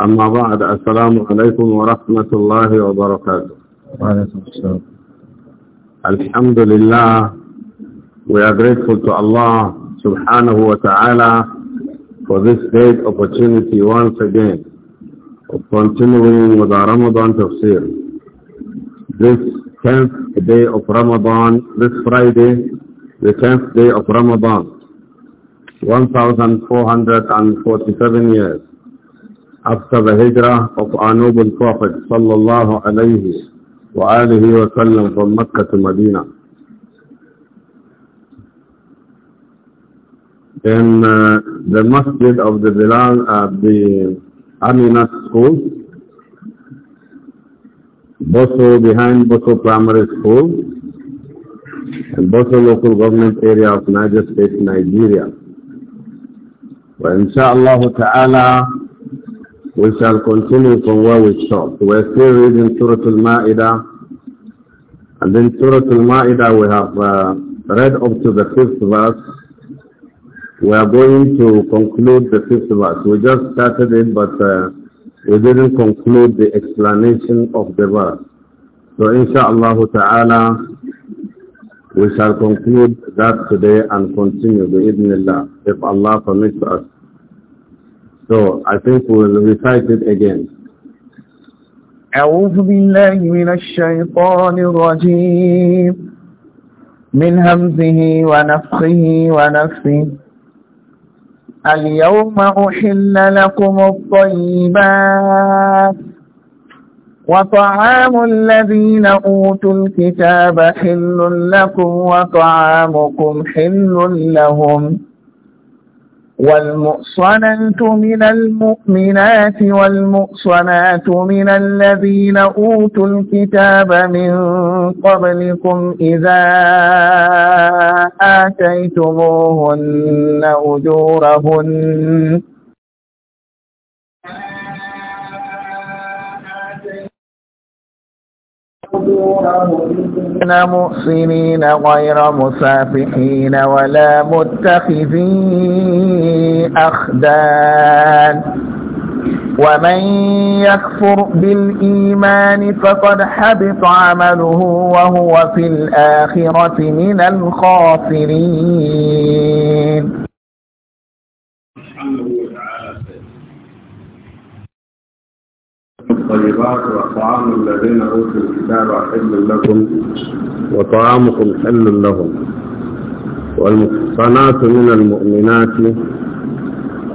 أما بعد السلام عليكم ورحمة الله وبركاته وعليكم السلام الحمد لله we are grateful to Allah subhanahu wa ta'ala for this great opportunity once again of continuing with our Ramadan tafsir. This 10th day of Ramadan, this Friday, the 10th day of Ramadan, 1447 years after the hijrah of our noble Prophet sallallahu alayhi wa alihi wa sallam from Mecca to Medina. In uh, the masjid of the Bilal at uh, the Aminat school, Boso behind Boso Primary School, and Boso local government area of Niger State, Nigeria. Well, inshallah ta'ala, we shall continue from where we stopped. We're still reading Surah Al-Ma'idah. And in Surah Al-Ma'idah we have uh, read up to the fifth verse. We are going to conclude the fifth verse. We just started it, but uh, we didn't conclude the explanation of the verse. So inshallah ta'ala, we shall conclude that today and continue, bi Allah, if Allah permits us. So I think we'll recite it again. أعوذ بالله من الشيطان الرجيم من همزه ونفخه ونفسه اليوم أحل لكم الطيبات وطعام الذين أوتوا الكتاب حل لكم وطعامكم حل لهم والمؤصنات من المؤمنات والمؤصنات من الذين أوتوا الكتاب من قبلكم إذا آتيتموهن أجورهن كنا مؤمنين غير مسافحين ولا متخذي أخدان ومن يكفر بالإيمان فقد حبط عمله وهو في الآخرة من الخاسرين طيبات وطعام الذين أوتوا الكتاب حل لكم وطعامكم حل لهم والمحصنات من المؤمنات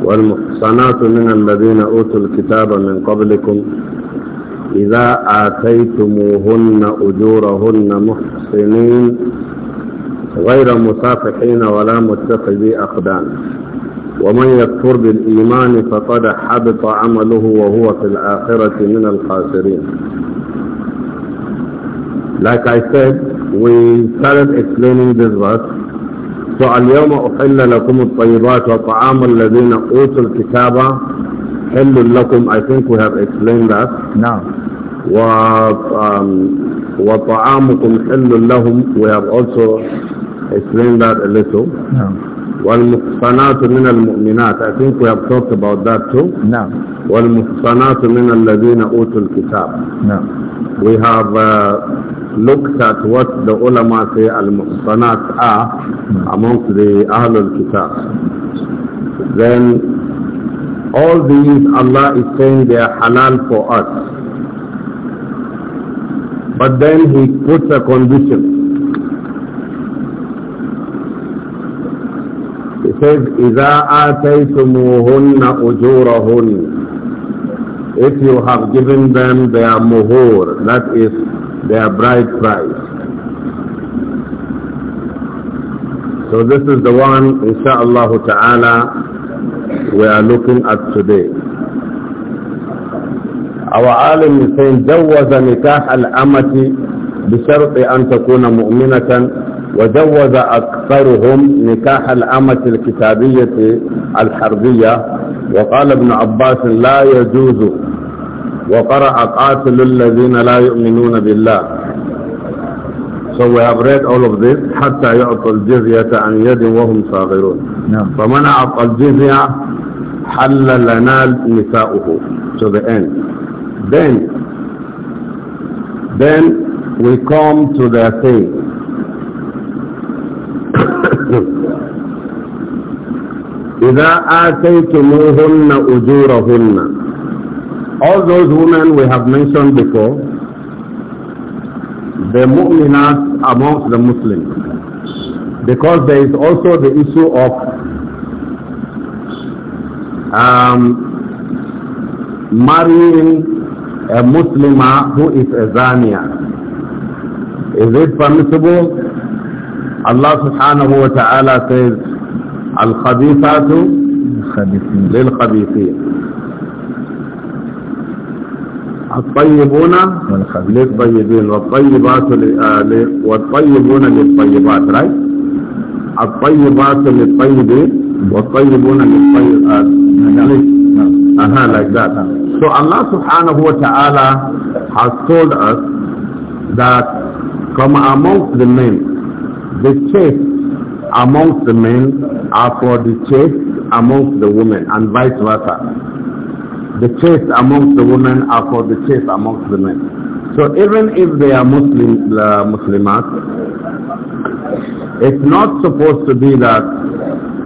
والمحصنات من الذين أوتوا الكتاب من قبلكم إذا آتيتموهن أجورهن محصنين غير مسافحين ولا متخذي أقدام ومن يكفر بالإيمان فقد حبط عمله وهو في الآخرة من الخاسرين Like I said, we started explaining this verse. So أحل لكم الطيبات وطعام الذين أوتوا الكتاب حل لكم I think we have explained that. Now. و, um, وطعامكم حل لهم we have also explained that a little. Now. والمحصنات من المؤمنات I think we have talked about that too نعم no. والمحصنات من الذين أوتوا الكتاب نعم no. we have uh, looked at what the ulama say al-muhsanat are no. amongst the Ahlul Kitab then all these Allah is saying they are halal for us but then he puts a condition says, إِذَا آتَيْتُمُوهُنَّ أُجُورَهُنَّ If you have given them their muhur, that is their bride price. So this is the one, insha'Allah ta'ala, we are looking at today. Our alim is saying, جَوَّزَ نِكَاحَ الْأَمَةِ بِشَرْطِ أَن تَكُونَ مُؤْمِنَةً وجوز أكثرهم نكاح الأمة الكتابية الحربية وقال ابن عباس لا يجوز وقرأ قاتل الذين لا يؤمنون بالله So we have read all of this حتى يعطوا الجزية عن يد وهم صاغرون نعم. فمن أعطى الجزية حل لنا نساؤه to the end then then we come to the thing إذا آتيتموهن أجورهن All those women we have mentioned before, the mu'minas amongst the Muslims. Because there is also the issue of um, marrying a Muslimah who is a Zania. Is it permissible? الله سبحانه وتعالى سيد الخبيثات للخبيثين الطيبون للطيبين والطيبات آه، والطيبون للطيبات right? الطيبات للطيبين والطيبون للطيبات آه، نعم. uh -huh, like that so Allah subhanahu has told us that from amongst the men The chaste amongst the men are for the chaste amongst the women and vice versa. The chaste amongst the women are for the chaste amongst the men. So even if they are Muslim, uh, it's not supposed to be that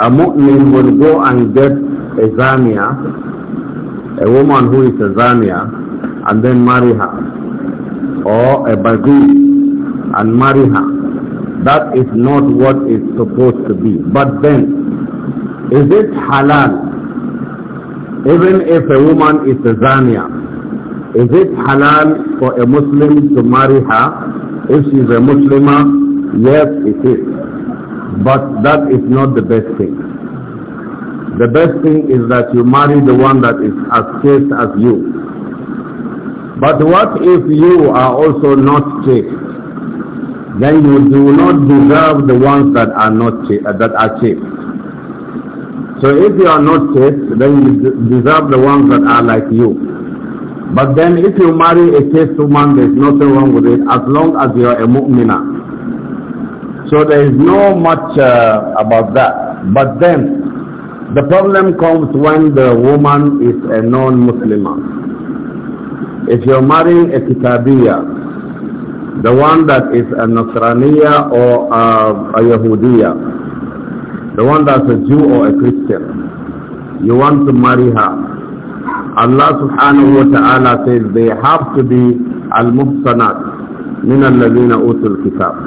a mu'min will go and get a zania, a woman who is a zania, and then marry her, or a bagu and marry her that is not what it's supposed to be. But then, is it halal? Even if a woman is a zania, is it halal for a Muslim to marry her? If she's a Muslimah, yes it is. But that is not the best thing. The best thing is that you marry the one that is as chaste as you. But what if you are also not chaste? then you do not deserve the ones that are not uh, that are chaste. So if you are not chaste, then you deserve the ones that are like you. But then if you marry a chaste woman, there is nothing wrong with it as long as you are a mu'mina. So there is no much uh, about that. But then the problem comes when the woman is a non-Muslimah. If you're marrying a kitabiyah, the one that is a Nasraniya or a, a Yahudiya. The one that's a Jew or a Christian. You want to marry her. Allah subhanahu wa ta'ala says they have to be al-muhsanat min al-ladhina utul kitab.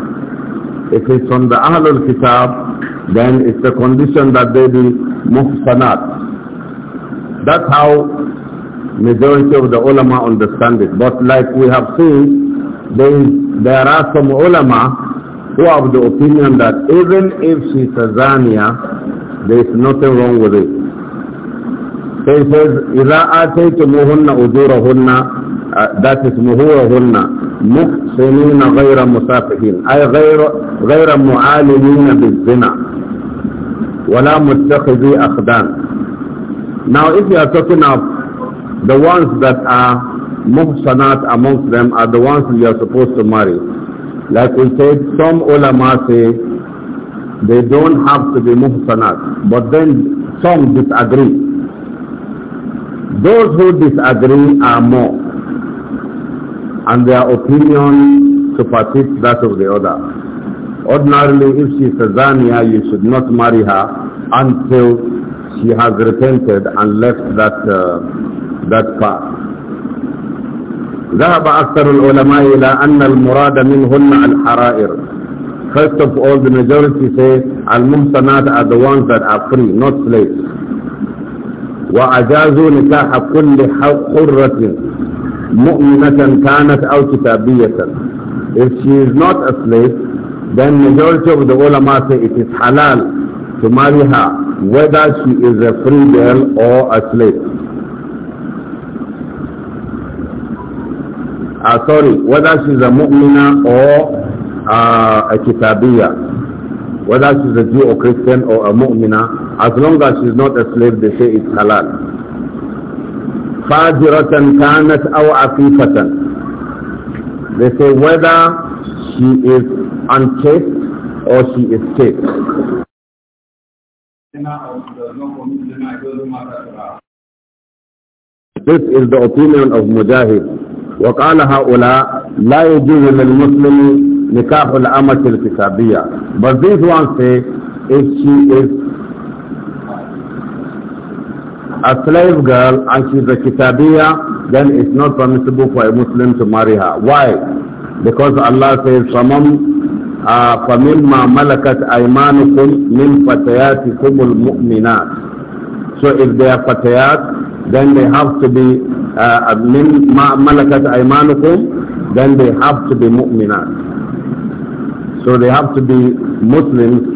If it's from the Ahlul Kitab, then it's a condition that they be muhsanat. That's how majority of the ulama understand it. But like we have seen, there are some ulama who have the opinion that even if she's a zania, there is nothing wrong with it. So he says, إِذَا آتَيْتُمُهُنَّ أُجُورَهُنَّ That is مُهُورَهُنَّ مُحْسِنِينَ غَيْرَ مُسَافِحِينَ أي غير, غير معالمين بالزنا ولا متخذي أخدان Now if you are talking of the ones that are muhsanat amongst them are the ones we are supposed to marry. Like we said, some ulama say they don't have to be muhsanat, but then some disagree. Those who disagree are more, and their opinion supersedes that of the other. Ordinarily, if she is a zania, you should not marry her until she has repented and left that uh, that path. ذهب أكثر العلماء إلى أن المراد منهن الحرائر First of all, the majority say المحصنات are the ones that are free, not slaves. وأجازوا نكاح كل حرة مؤمنة كانت أو كتابية. If she is not a slave, then majority of the ulama say it is halal to marry her, whether she is a free girl or a slave. uh, sorry, whether she's a mu'mina or uh, a kitabiyah, whether she's a Jew or Christian or a mu'mina, as long as she's not a slave, they say it's halal. فاجرة كانت أو عفيفة. They say whether she is unchaste or she is chaste. This is the opinion of Mujahid. وقال هؤلاء لا يجوز للمسلم نكاح الأمة الكتابية but these ones say if she is a slave girl and she's a kitabiya then it's not permissible for a Muslim to marry her why because Allah says فمن فمما ملكت أيمانكم من فتياتكم المؤمنات so if they are fatayat then they have to be uh, malakat uh, aymanukum, then they have to be mu'minat. So they have to be Muslims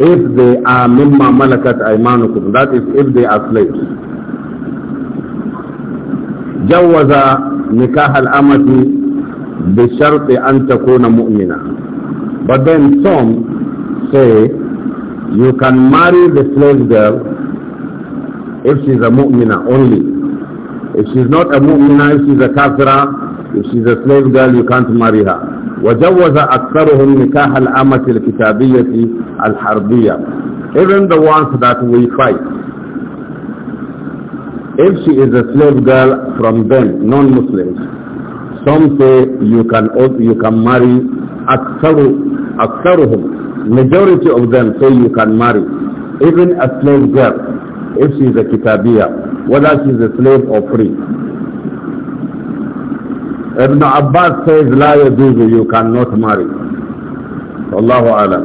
if they are mimma malakat aymanukum, that is if they are slaves. جوز نكاح الأمة بشرط أن تكون مؤمنة. But then some say you can marry the slave girl if she's a mu'mina only. If she's not a mu'mina, if she's a kafira, if she's a slave girl, you can't marry her. وجوز أكثرهم نكاح الأمة الكتابية الحربية even the ones that we fight if she is a slave girl from them non-Muslims some say you can you can marry أكثر أكثرهم majority of them say you can marry even a slave girl if she is a Kitabia, whether she is a slave or free. Ibn Abbas says, La yajuzu, you cannot marry. Allahu Alam.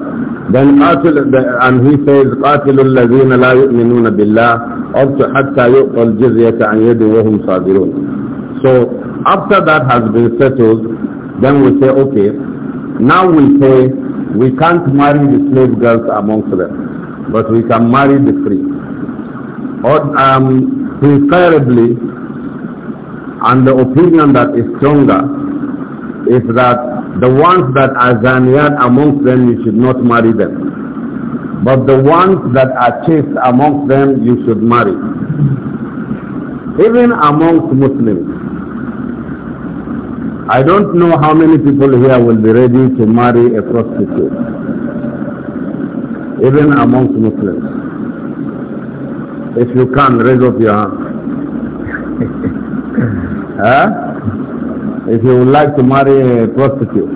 Then قاتل, and he says, قاتل الذين لا يؤمنون بالله up to حتى يؤتوا الجزية عن يد وهم صادرون. So after that has been settled, then we say, okay, now we say we can't marry the slave girls amongst them, but we can marry the free or um, preferably, and the opinion that is stronger, is that the ones that are zaniyat amongst them, you should not marry them. But the ones that are chaste amongst them, you should marry. Even amongst Muslims, I don't know how many people here will be ready to marry a prostitute, even amongst Muslims. If you can, raise up your hand. huh? If you would like to marry a prostitute,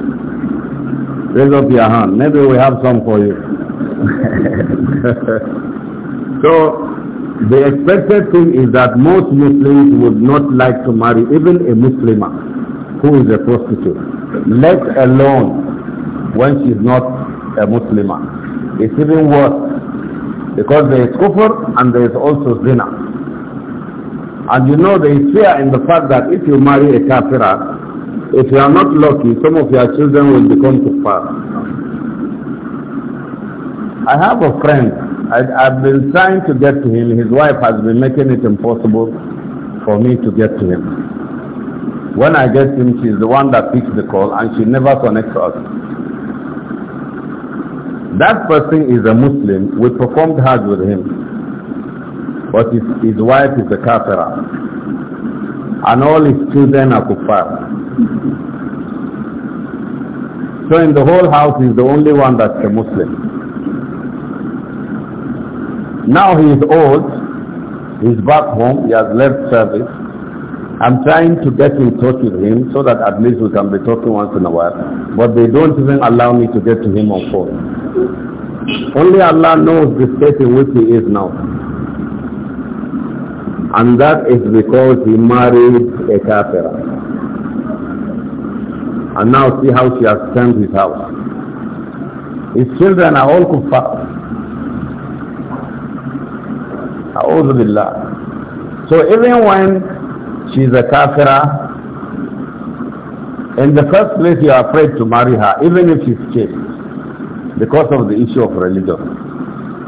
raise up your hand. Maybe we have some for you. so, the expected thing is that most Muslims would not like to marry even a Muslimah who is a prostitute, let alone when she's not a Muslimah. It's even worse because there is kufr and there is also zina. And you know there is fear in the fact that if you marry a kafira, if you are not lucky, some of your children will become kuffar. I have a friend. I, I've been trying to get to him. His wife has been making it impossible for me to get to him. When I get him, she's the one that picks the call and she never connects us. That person is a Muslim. We performed Hajj with him. But his, his wife is a kafira. And all his children are kuffar. So in the whole house he's the only one that's a Muslim. Now he is old. He's back home. He has left service. I'm trying to get in touch with him so that at least we can be talking once in a while. But they don't even allow me to get to him on phone. Only Allah knows the state in which he is now. And that is because he married a kafira. And now see how she has turned his house. His children are all kuffar. the Billah. So even when she's a kafira, in the first place you are afraid to marry her, even if she's chaste, because of the issue of religion.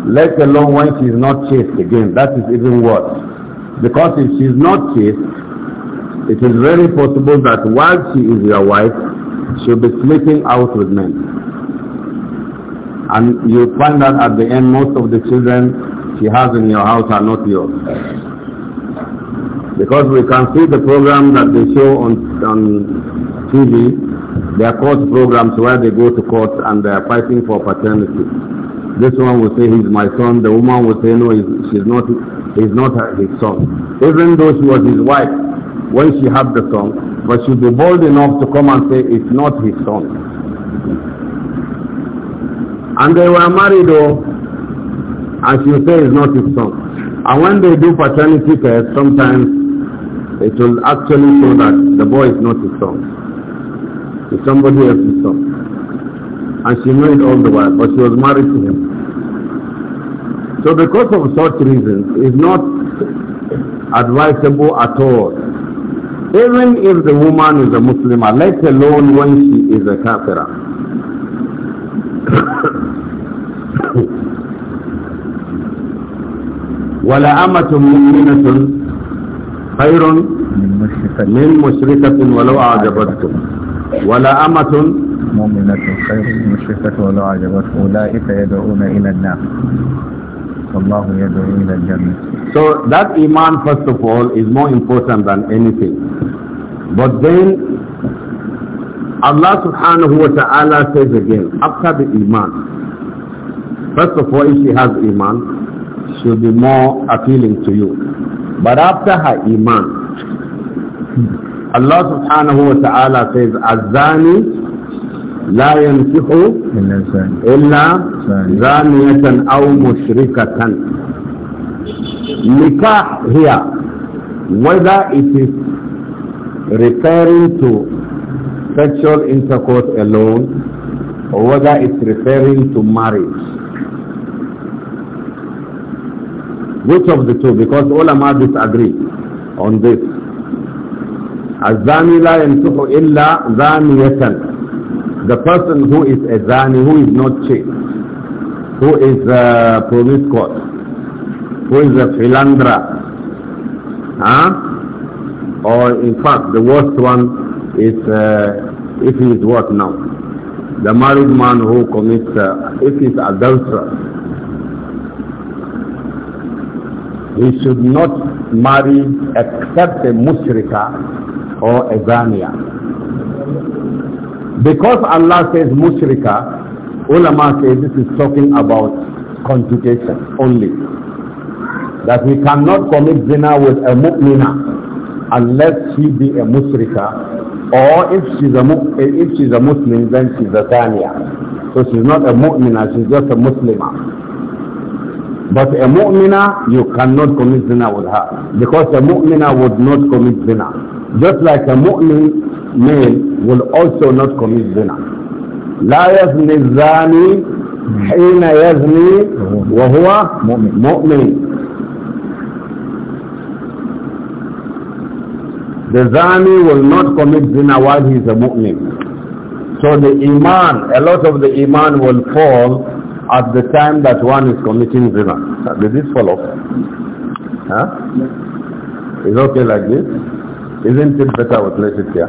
Let alone when she's not chaste again, that is even worse. Because if she's not chaste, it is very possible that while she is your wife, she'll be sleeping out with men. And you find that at the end most of the children she has in your house are not yours. Because we can see the program that they show on, on TV, their court programs where they go to court and they are fighting for paternity. This one will say he's my son, the woman will say no, she's not, he's not his son. Even though she was his wife when she had the son, but she'll be bold enough to come and say it's not his son. And they were married though, and she will say it's not his son. And when they do paternity tests, sometimes it will actually show that the boy is not his son. It's somebody else's son. And she knew it all the while, but she was married to him. So because of such reasons, it's not advisable at all. Even if the woman is a Muslimah, let alone when she is a kafirah. ولا أمة مؤمنة خير من مشركة ولو أعجبتكم ولا أمة مؤمنة خير من مشركة ولو أعجبتكم أولئك يدعون إلى النار والله يدعو إلى الجنة So that Iman first of all is more important than anything. But then Allah subhanahu wa ta'ala says again, after the Iman, first of all if she has Iman, she'll be more appealing to you. But after her iman, Allah subhanahu wa ta'ala says, Azani لا ينكح إلا زانية أو مشركة Nikah here, whether it is referring to sexual intercourse alone or whether it's referring to marriage, Which of the two? Because ulama disagree on this. الزاني لا ينكح إلا زانية the person who is a zani, who is not chaste, who is a promiscuous, who is a philandra, huh? or in fact the worst one is, uh, if he is what now? The married man who commits, uh, if he is adulterer he should not marry except a mushrika or a zania. Because Allah says mushrika, ulama say this is talking about conjugation only. That we cannot commit zina with a mu'mina unless she be a mushrika or if she's a, if she's a Muslim then she's a zania. So she's not a mu'mina, she's just a Muslimah. But a mu'mina, you cannot commit zina with her. Because a mu'mina would not commit zina. Just like a mu'min male will also not commit zina. لا يزني الزاني حين يزني وهو مؤمن. The zani will not commit zina while he is a mu'min. So the iman, a lot of the iman will fall at the time that one is committing zina. Did this follow? Huh? Is okay like this? Isn't it better with less it here?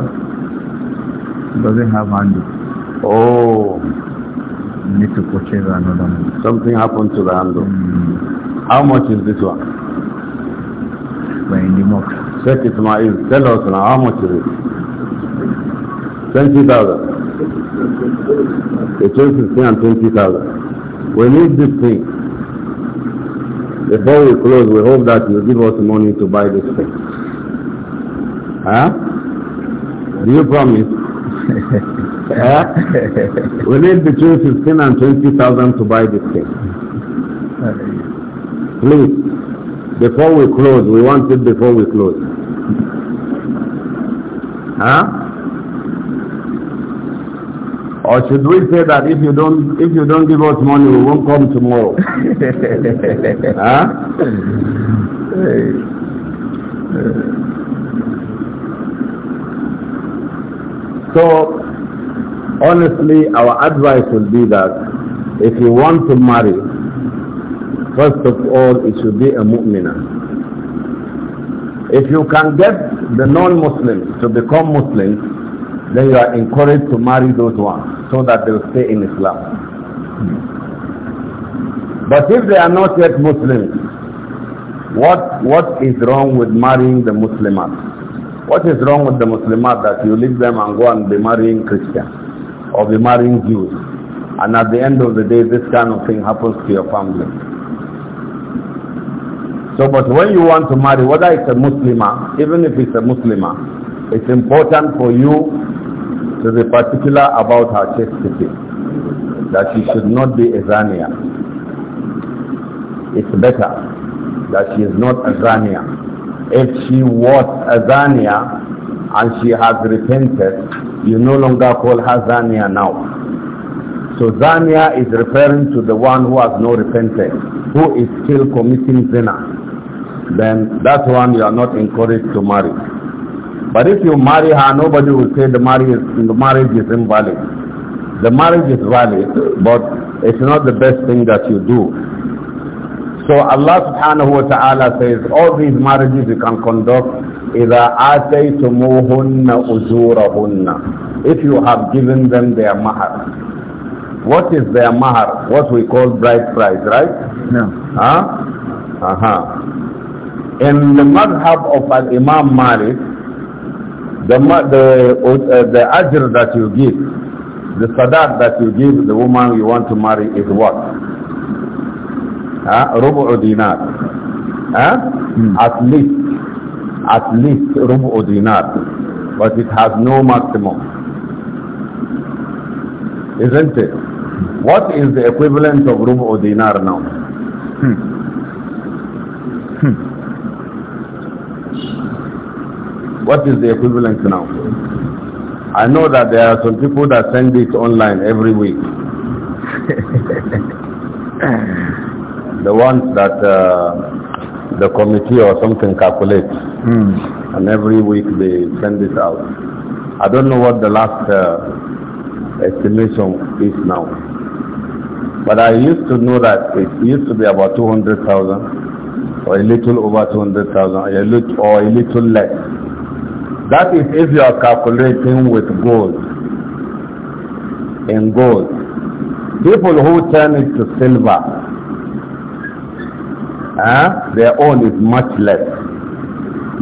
doesn't have handle. Oh. You need to purchase another Something happened to the handle. Mm. How much is this one? Twenty more. Check it, Ma'il. Tell us now, how much is it? 20,000. Between 15 and 20,000. We need this thing. Before we close, we hope that you give us money to buy this thing. Huh? Do you promise? huh? We need between 15 and 20,000 to buy this thing. Please, before we close, we want it before we close. Huh? Or should we say that if you don't if you don't give us money we won't come tomorrow? huh? So honestly our advice would be that if you want to marry, first of all it should be a mu'mina. If you can get the non-Muslims to become Muslims, then you are encouraged to marry those ones so that they will stay in Islam. But if they are not yet Muslims, what, what is wrong with marrying the Muslimat? What is wrong with the Muslimat that you leave them and go and be marrying Christians or be marrying Jews? And at the end of the day, this kind of thing happens to your family. So, but when you want to marry, whether it's a Muslimah, even if it's a Muslimah, it's important for you to be particular about her chastity, that she should not be a zania. It's better that she is not a zania. If she was a zania and she has repented, you no longer call her zania now. So zania is referring to the one who has not repented, who is still committing zina. Then that one you are not encouraged to marry. But if you marry her, nobody will say the marriage, is, the marriage is invalid. The marriage is valid, but it's not the best thing that you do. So Allah subhanahu wa ta'ala says, all these marriages you can conduct, إِذَا آتَيْتُمُوهُنَّ أُجُورَهُنَّ If you have given them their mahar. What is their mahar? What we call bride price, right? Yeah. Huh? Uh-huh. In the madhab of Al-Imam Malik, the the uh, the ajr that you give, the sadaq that you give the woman you want to marry is what? Huh? Rubu dinar. Hmm. At least, at least rubu dinar, but it has no maximum, isn't it? Hmm. What is the equivalent of rubu dinar now? Hmm. Hmm. What is the equivalent now? I know that there are some people that send it online every week. the ones that uh, the committee or something calculates. Mm. And every week they send it out. I don't know what the last uh, estimation is now. But I used to know that it used to be about 200,000 or a little over 200,000 or a little less. That is if you are calculating with gold. In gold. People who turn it to silver, eh, their own is much less.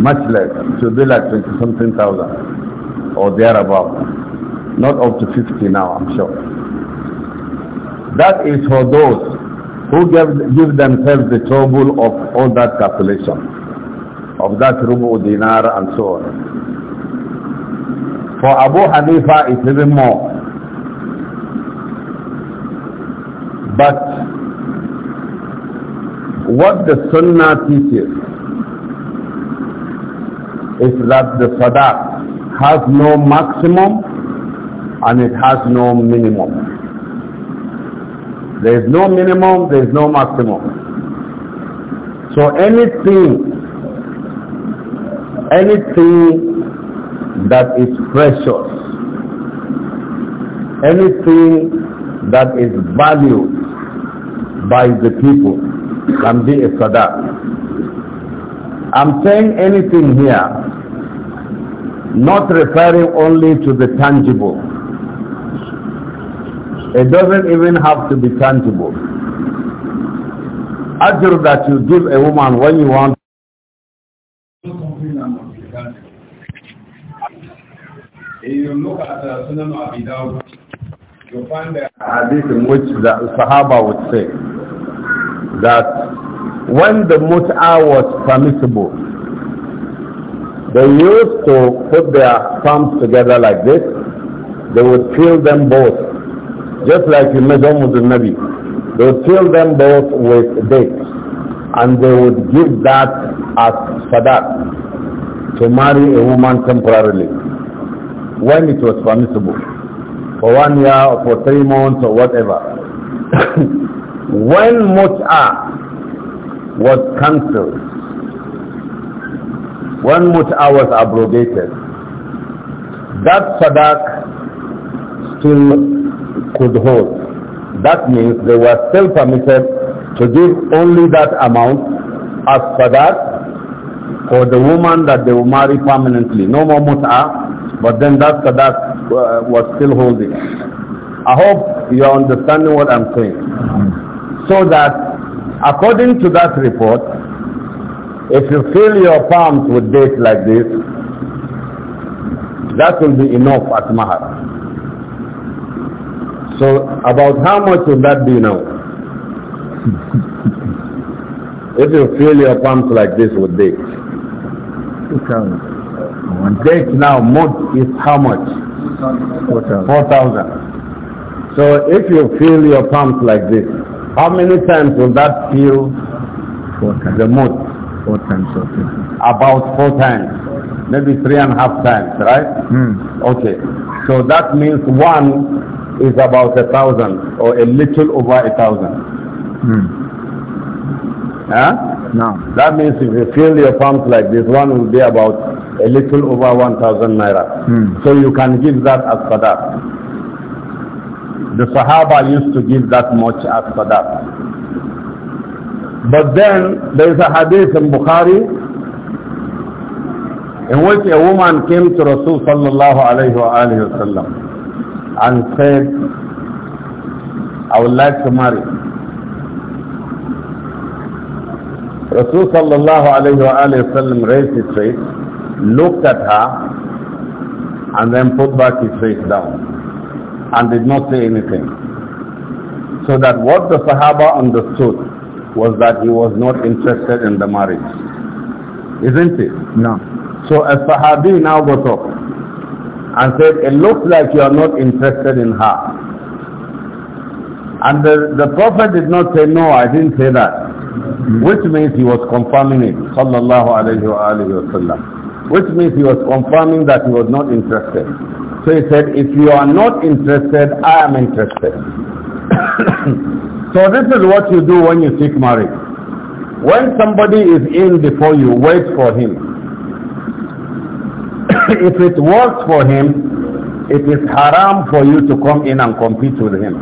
Much less. It should be like 20 something thousand or thereabout. Not up to 50 now, I'm sure. That is for those who give, give themselves the trouble of all that calculation, of that rubu dinar and so on. For Abu Hanifa, it's even more. But what the Sunnah teaches is that the Sadaq has no maximum and it has no minimum. There is no minimum, there is no maximum. So anything, anything that is precious, anything that is valued by the people can be a sadaq. I'm saying anything here, not referring only to the tangible. It doesn't even have to be tangible. Ajr that you give a woman when you want If you look at the uh, Sunan Abi Dawud, you find a hadith in which the Sahaba would say that when the muta was permissible, they used to put their palms together like this. They would fill them both, just like in the Nabi. They would fill them both with dates, and they would give that as sadat to marry a woman temporarily when it was permissible, for one year or for three months or whatever. when Mut'ah was cancelled, when Mut'ah was abrogated, that sadaq still could hold. That means they were still permitted to give only that amount as sadaq for the woman that they will marry permanently. No more Mut'ah but then that Sadat uh, was still holding. I hope you are understanding what I'm saying. So that according to that report, if you fill your palms with dates like this, that will be enough at Mahar. So about how much would that be now? if you fill your palms like this with dates. Debt now, mud is how much? 4,000. So if you feel your pumps like this, how many times will that feel four times. the mud? Four times. Okay. About four times. Maybe three and a half times, right? Mm. Okay. So that means one is about a thousand or a little over a thousand. Mm. Huh? No. That means if you feel your pumps like this, one will be about a little over 1,000 naira. Hmm. So you can give that as sadaq. The Sahaba used to give that much as sadaq. But then there is a hadith in Bukhari in which a woman came to Rasul sallallahu alayhi wa alayhi wa sallam and said, I would like to marry. Rasul sallallahu alayhi wa alayhi wa sallam raised his face looked at her, and then put back his face down and did not say anything. So that what the Sahaba understood was that he was not interested in the marriage. Isn't it? No. So a Sahabi now got up and said, it looks like you are not interested in her. And the, the Prophet did not say, no, I didn't say that. Which means he was confirming it. Sallallahu alayhi wa alayhi wa sallam which means he was confirming that he was not interested. So he said, if you are not interested, I am interested. so this is what you do when you seek marriage. When somebody is in before you, wait for him. if it works for him, it is haram for you to come in and compete with him.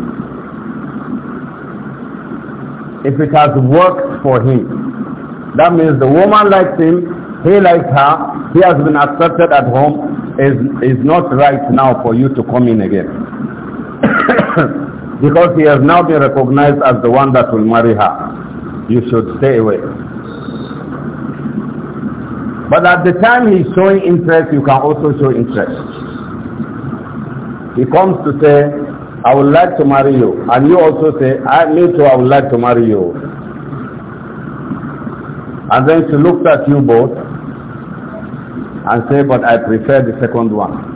If it has worked for him, that means the woman likes him, he likes her, he has been accepted at home, is, is not right now for you to come in again. because he has now been recognized as the one that will marry her. You should stay away. But at the time he's showing interest, you can also show interest. He comes to say, I would like to marry you. And you also say, I me too, I would like to marry you. And then she looks at you both and say, but I prefer the second one.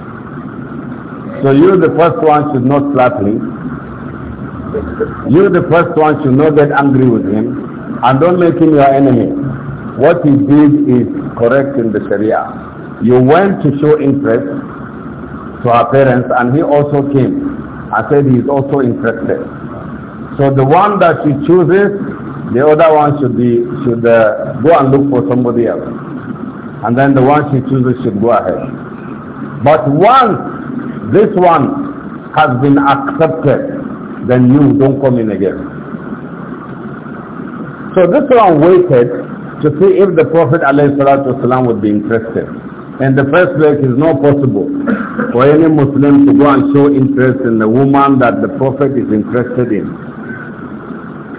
So you, the first one, should not slap him. You, the first one, should not get angry with him. And don't make him your enemy. What he did is correct in the Sharia. You went to show interest to her parents and he also came and said he is also interested. So the one that she chooses, the other one should be should uh, go and look for somebody else and then the one she chooses should go ahead. But once this one has been accepted, then you don't come in again. So this one waited to see if the Prophet ﷺ would be interested. In the first place, it's not possible for any Muslim to go and show interest in the woman that the Prophet is interested in.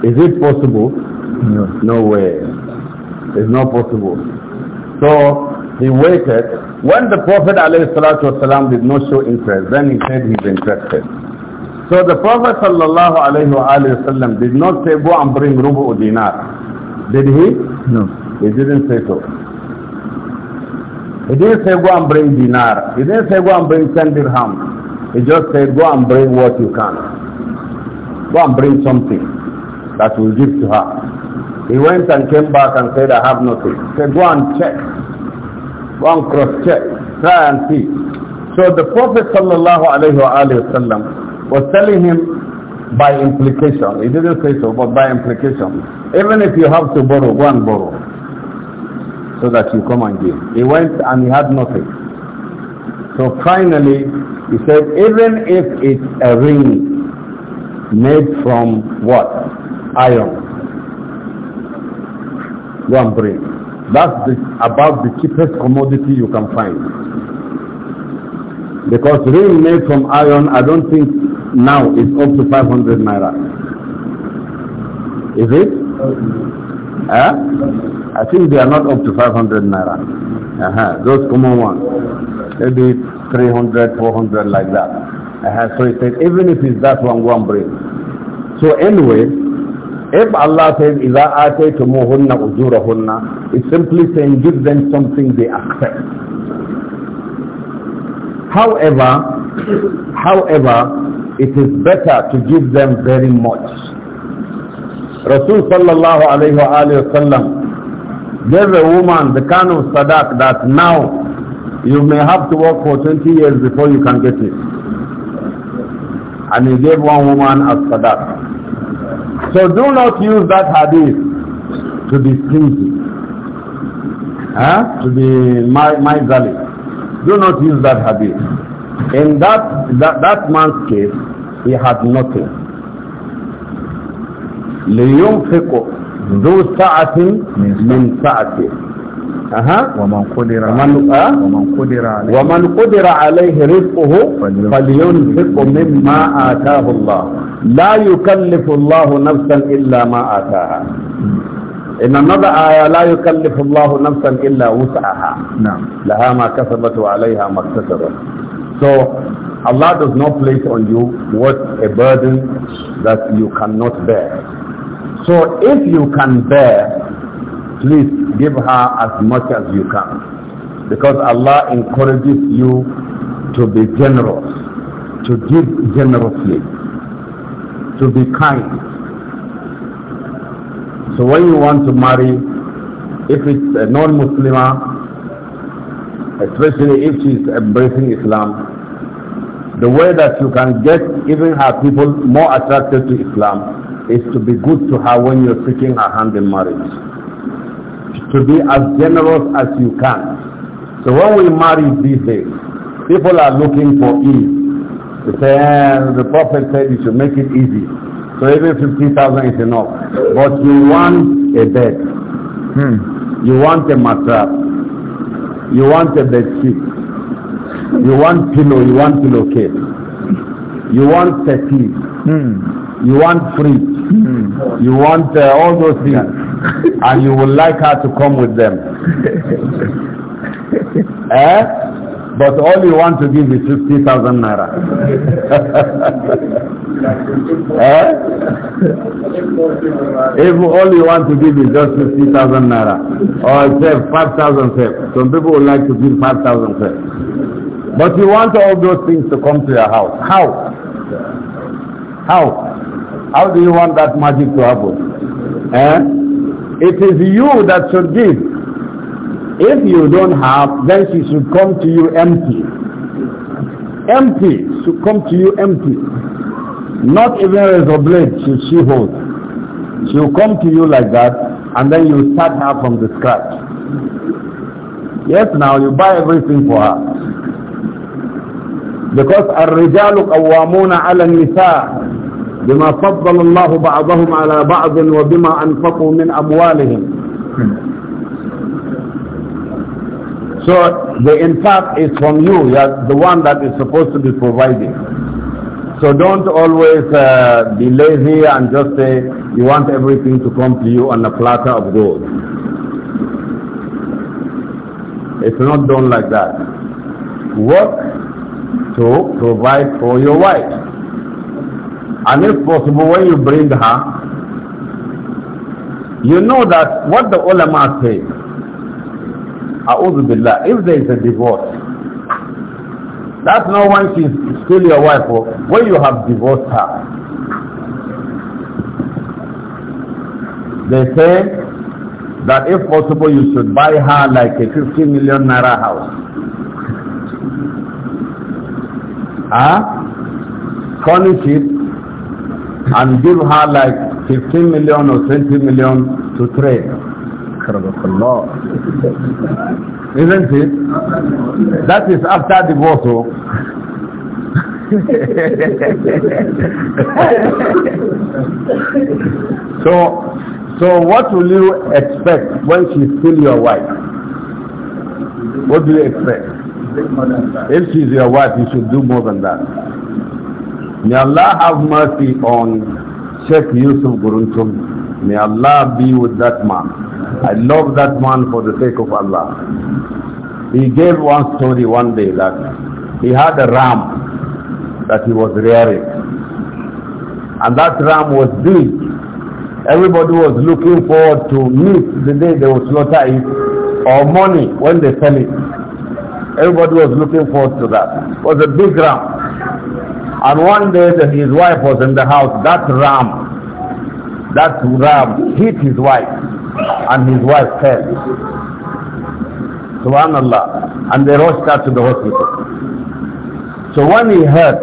Is it possible? No. No way. It's not possible. So he waited. When the Prophet ﷺ did not show interest, then he said he's interested. So the Prophet ﷺ did not say, go and bring rubu dinar. Did he? No. He didn't say so. He didn't say, go and bring dinar. He didn't say, go and bring 10 dirham. He just said, go and bring what you can. Go and bring something that will give to her. He went and came back and said, I have nothing. He said, go and check. Go and cross-check. Try and see. So the Prophet sallallahu alayhi wa was telling him by implication. He didn't say so, but by implication. Even if you have to borrow, go and borrow. So that you come and give. He went and he had nothing. So finally, he said, even if it's a ring made from what? Iron Go and That's the, about the cheapest commodity you can find. Because ring made from iron, I don't think now is up to 500 naira. Is it? Huh? Eh? I think they are not up to 500 naira. Uh -huh. Those common ones. Maybe 300, 400 like that. Uh -huh. So he said, even if it's that one, one bring. So anyway, if Allah says, إِذَا آتَيْتُمُهُنَّ أُجُورَهُنَّ It's simply saying, give them something they accept. However, however, it is better to give them very much. Rasul sallallahu alayhi wa sallam gave a woman the kind of sadaq that now you may have to work for 20 years before you can get it. And he gave one woman a sadaq. So do not use that hadith to be stingy, huh? to be miserly. Do not use that hadith. In that, that, that man's case, he had nothing. لينفق ذو سعة من سعته أها ومن قدر ومن, ومن قدر عليه ومن قدر عليه رزقه فلينفق مما آتاه الله لا يكلف الله نفسا إلا ما آتاها إن another ayah, لا يكلف الله نفسا إلا وسعها نعم لها ما كسبت وعليها ما اكتسبت So Allah does not place on you what a burden that you cannot bear. So if you can bear, please give her as much as you can. Because Allah encourages you to be generous, to give generously to be kind. So when you want to marry, if it's a non-Muslimah, especially if she's embracing Islam, the way that you can get even her people more attracted to Islam is to be good to her when you're seeking her hand in marriage. To be as generous as you can. So when we marry these days, people are looking for ease. And the Prophet said you should make it easy. So even 50,000 is enough. But you want a bed. Hmm. You want a mattress. You want a bed sheet. You want pillow. You want pillowcase. You want settee. Hmm. You want fridge. Hmm. You want uh, all those things. and you would like her to come with them. eh? But all you want to give is 50,000 naira. eh? If all you want to give is just 50,000 naira, or say 5,000 sef, some people would like to give 5,000 sef. But you want all those things to come to your house. How? How? How do you want that magic to happen? Eh? It is you that should give. If you don't have, then she should come to you empty. Empty should come to you empty. Not even as a blade should she hold. She will come to you like that, and then you start her from the scratch. Yes, now you buy everything for her. Because الرجال قوامون على النساء بما فضل الله بعضهم على بعض وبما أنفقوا من أموالهم so the impact is from you, you are the one that is supposed to be providing. So don't always uh, be lazy and just say you want everything to come to you on a platter of gold. It's not done like that. Work to provide for your wife. And if possible, when you bring her, you know that what the ulama says, Billah. If there is a divorce, that's not when she's still your wife or oh, when you have divorced her. They say that if possible you should buy her like a 50 million naira house. Huh? Furnish it and give her like 15 million or 20 million to trade. Allah. Isn't it? That is after the vote. Oh. so, so what will you expect when she's still your wife? What do you expect? If she's your wife, you should do more than that. May Allah have mercy on Sheikh Yusuf Guruntum. May Allah be with that man. I love that man for the sake of Allah. He gave one story one day that he had a ram that he was rearing. And that ram was big. Everybody was looking forward to meat the day they would slaughter it or money when they sell it. Everybody was looking forward to that. It was a big ram. And one day that his wife was in the house, that ram, that ram hit his wife and his wife fell. Subhanallah. And they rushed her to the hospital. So when he heard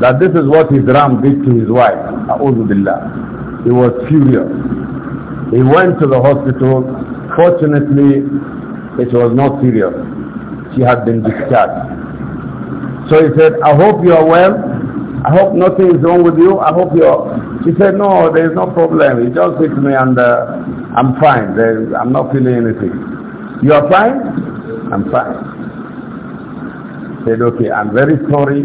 that this is what his ram did to his wife, A'udhu he was furious. He went to the hospital. Fortunately, it was not serious. She had been discharged. So he said, I hope you are well. I hope nothing is wrong with you. I hope you're... She said, no, there is no problem. It just hit me and uh, I'm fine. I'm not feeling anything. You are fine? I'm fine. Said, okay, I'm very sorry.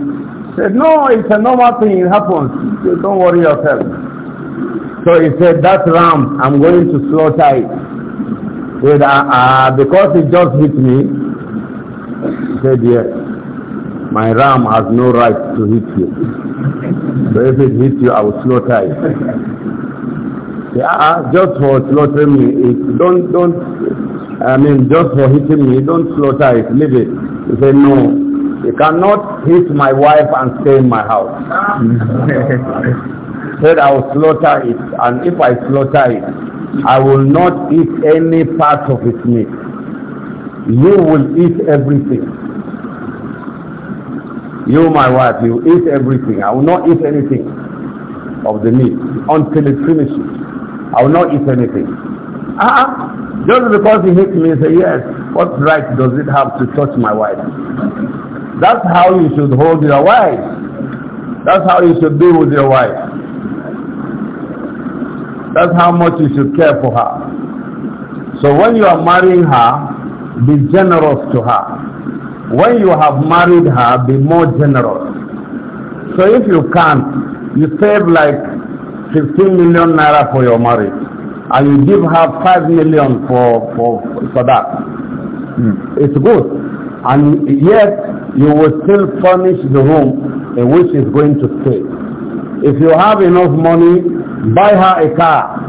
Said, no, it's a normal thing. It happens. Don't worry yourself. So he said, that ram, I'm going to slaughter it. Said, uh, uh, because it just hit me. He said, yes my ram has no right to hit you. So if it hits you, I will slaughter it. Yeah, uh, just for slaughtering me, it, don't, don't, I mean, just for hitting me, don't slaughter it, leave it. He said, no, you cannot hit my wife and stay in my house. said, I will slaughter it, and if I slaughter it, I will not eat any part of its meat. You will eat everything. You, my wife, you eat everything. I will not eat anything of the meat until it finishes. I will not eat anything. Ah, uh -uh. just because he hit me, say yes. What right does it have to touch my wife? That's how you should hold your wife. That's how you should be with your wife. That's how much you should care for her. So when you are marrying her, be generous to her. When you have married her, be more generous. So if you can't, you save like 15 million naira for your marriage and you give her 5 million for, for, for that. Mm. It's good. And yet, you will still furnish the room in which she's going to stay. If you have enough money, buy her a car.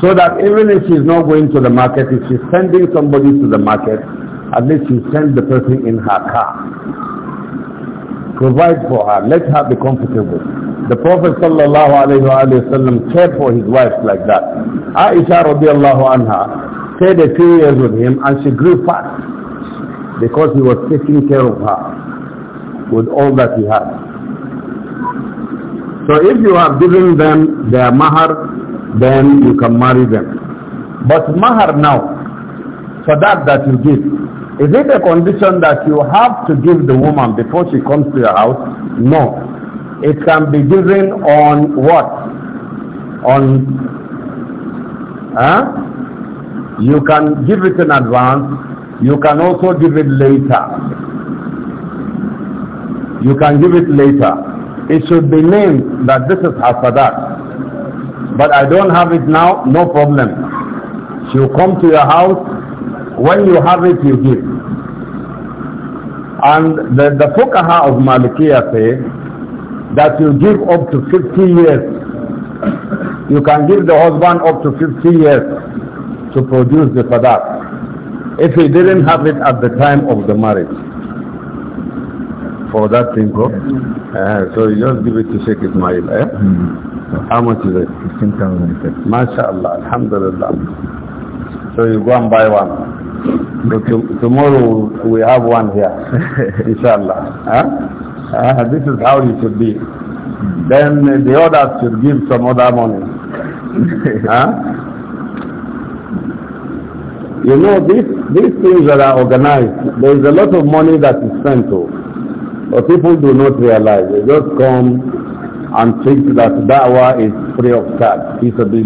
So that even if she's not going to the market, if she's sending somebody to the market, at least you send the person in her car. Provide for her. Let her be comfortable. The Prophet sallallahu cared for his wife like that. Aisha radiallahu anha stayed a few years with him and she grew fat because he was taking care of her with all that he had. So if you have given them their mahar, then you can marry them. But mahar now, for that that you give, is it a condition that you have to give the woman before she comes to your house? No. It can be given on what? On, huh? You can give it in advance. You can also give it later. You can give it later. It should be named that this is Hasadat. But I don't have it now, no problem. She'll come to your house when you have it, you give. And the, the Fuqaha of Malikiya say that you give up to 50 years. You can give the husband up to 50 years to produce the Fadak if he didn't have it at the time of the marriage. For that thing, go. Uh, so you just give it to Sheikh Ismail. Eh? Mm How much is it? 15,000. MashaAllah, Alhamdulillah. So you go and buy one. But tomorrow we have one here, inshallah. Huh? Uh, this is how it should be. Then the others should give some other money. huh? You know, these, these things that are organized, there is a lot of money that is spent to, but people do not realize. They just come and think that da'wah is free of charge. Peace be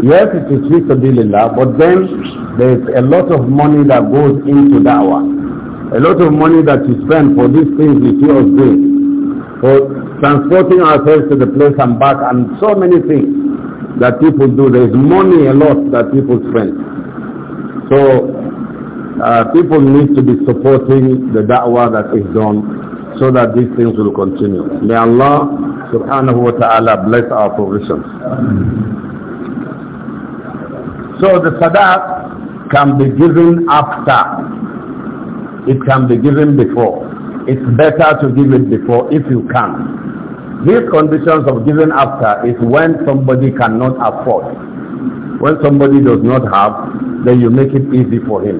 Yes, it is fi sabilillah, but then there is a lot of money that goes into da'wah. A lot of money that you spend for these things you see us doing. For transporting ourselves to the place and back and so many things that people do. There is money a lot that people spend. So uh, people need to be supporting the da'wah that is done so that these things will continue. May Allah subhanahu wa ta'ala bless our provisions. So the sadaq can be given after. It can be given before. It's better to give it before if you can. These conditions of giving after is when somebody cannot afford. When somebody does not have, then you make it easy for him.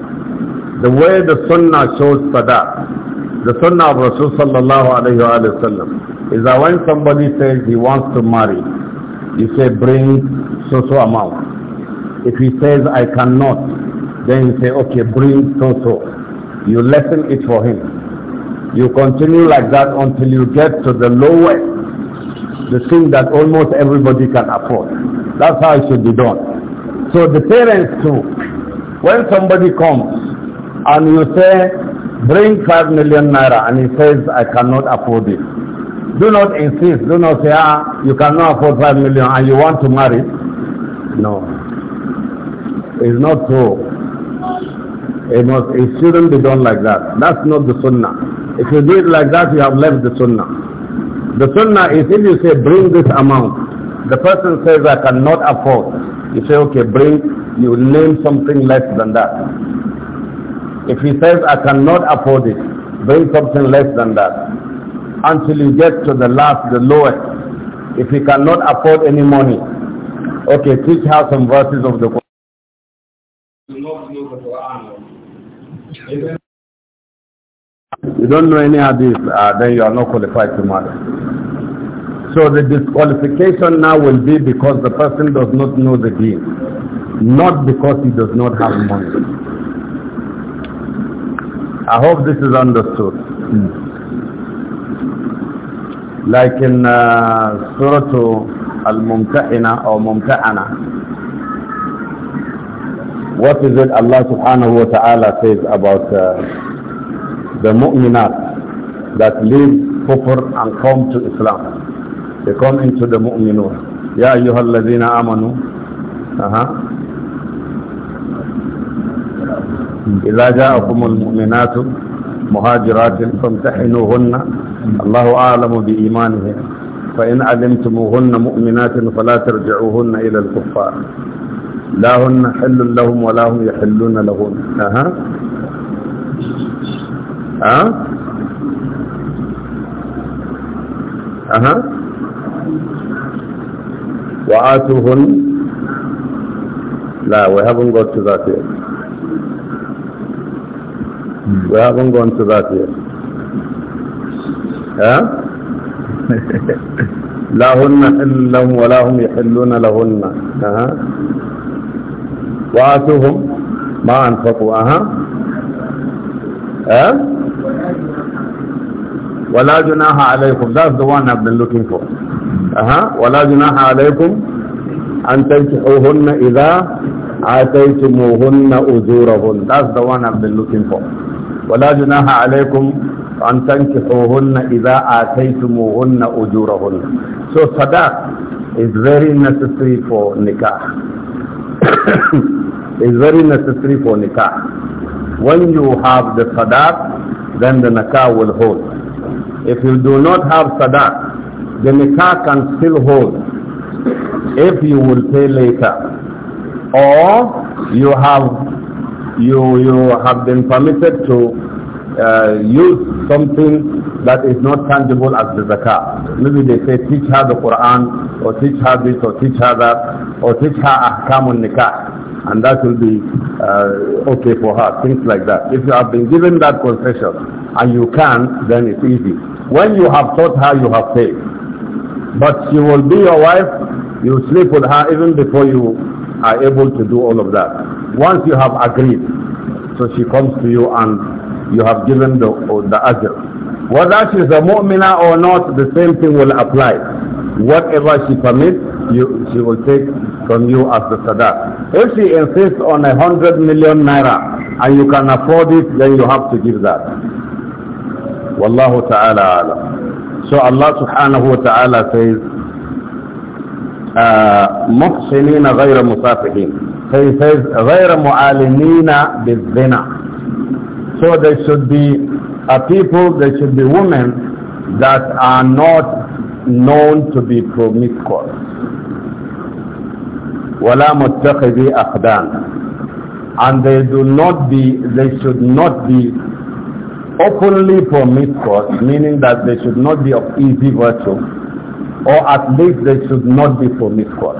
The way the sunnah shows sadaq, the sunnah of Rasul sallallahu is that when somebody says he wants to marry, you say bring so-so amount if he says, I cannot, then you say, okay, bring so-so. You lessen it for him. You continue like that until you get to the lowest, the thing that almost everybody can afford. That's how it should be done. So the parents too, when somebody comes and you say, bring 5 million naira and he says I cannot afford it. Do not insist. Do not say, ah, you cannot afford 5 million and you want to marry. No. It's not so. It, must, it shouldn't be done like that. That's not the sunnah. If you do it like that, you have left the sunnah. The sunnah is if you say, bring this amount, the person says, I cannot afford. You say, okay, bring, you name something less than that. If he says, I cannot afford it, bring something less than that. Until you get to the last, the lowest. If he cannot afford any money, okay, teach her some verses of the Quran not know the Quran. you don't know any hadith, uh, then you are not qualified to marry. So the disqualification now will be because the person does not know the deen, not because he does not have money. I hope this is understood. Like in uh, Surah Al-Mumta'ina or Mumta'ana, What is it Allah subhanahu wa ta'ala says about uh, the mu'minat that leave kufr and come to Islam? They come into the mu'minun. Ya ayyuhal ladhina amanu. Uh-huh. إذا جاءكم المؤمنات مهاجرات فامتحنوهن الله أعلم بإيمانهن فإن علمتموهن مؤمنات فلا ترجعوهن إلى الكفار لا هن حل لهم ولا هم يحلون لهن أها أه؟ أها وآتوهن لا we haven't got to that yet we haven't gone to that yet ها لا هن حل لهم ولا هم يحلون لهن أها وآتوهم ما أنفقوا أها أه? ولا جناح عليكم that's the one I've been looking for أها ولا جناح عليكم أن تنكحوهن إذا آتيتموهن أجورهن that's the one I've been looking for ولا جناح عليكم أن تنكحوهن إذا آتيتموهن أجورهن so صداق is very necessary for nikah is very necessary for nikah. When you have the sadaq, then the nikah will hold. If you do not have sadaq, the nikah can still hold if you will pay later. Or you have, you, you have been permitted to uh, use something that is not tangible as the zakah. Maybe they say teach her the Quran or teach her this or teach her that or teach her ahkamun nikah and that will be uh, okay for her, things like that. If you have been given that concession and you can, then it's easy. When you have taught her, you have paid. But she will be your wife, you sleep with her even before you are able to do all of that. Once you have agreed, so she comes to you and you have given the, the ajr. Whether is a mu'mina or not, the same thing will apply. Whatever she permits, you, she will take from you as the sadaq. If she insists on a hundred million naira and you can afford it, then you have to give that. Wallahu ta'ala alam. So Allah subhanahu wa ta'ala says, محسنين غير مسافحين he says غير معالمين بالزنا so there should be a people there should be women that are not known to be promiscuous. وَلَا مُتَّخِذِي أَخْدَانٍ And they do not be, they should not be openly promiscuous, meaning that they should not be of easy virtue, or at least they should not be promiscuous.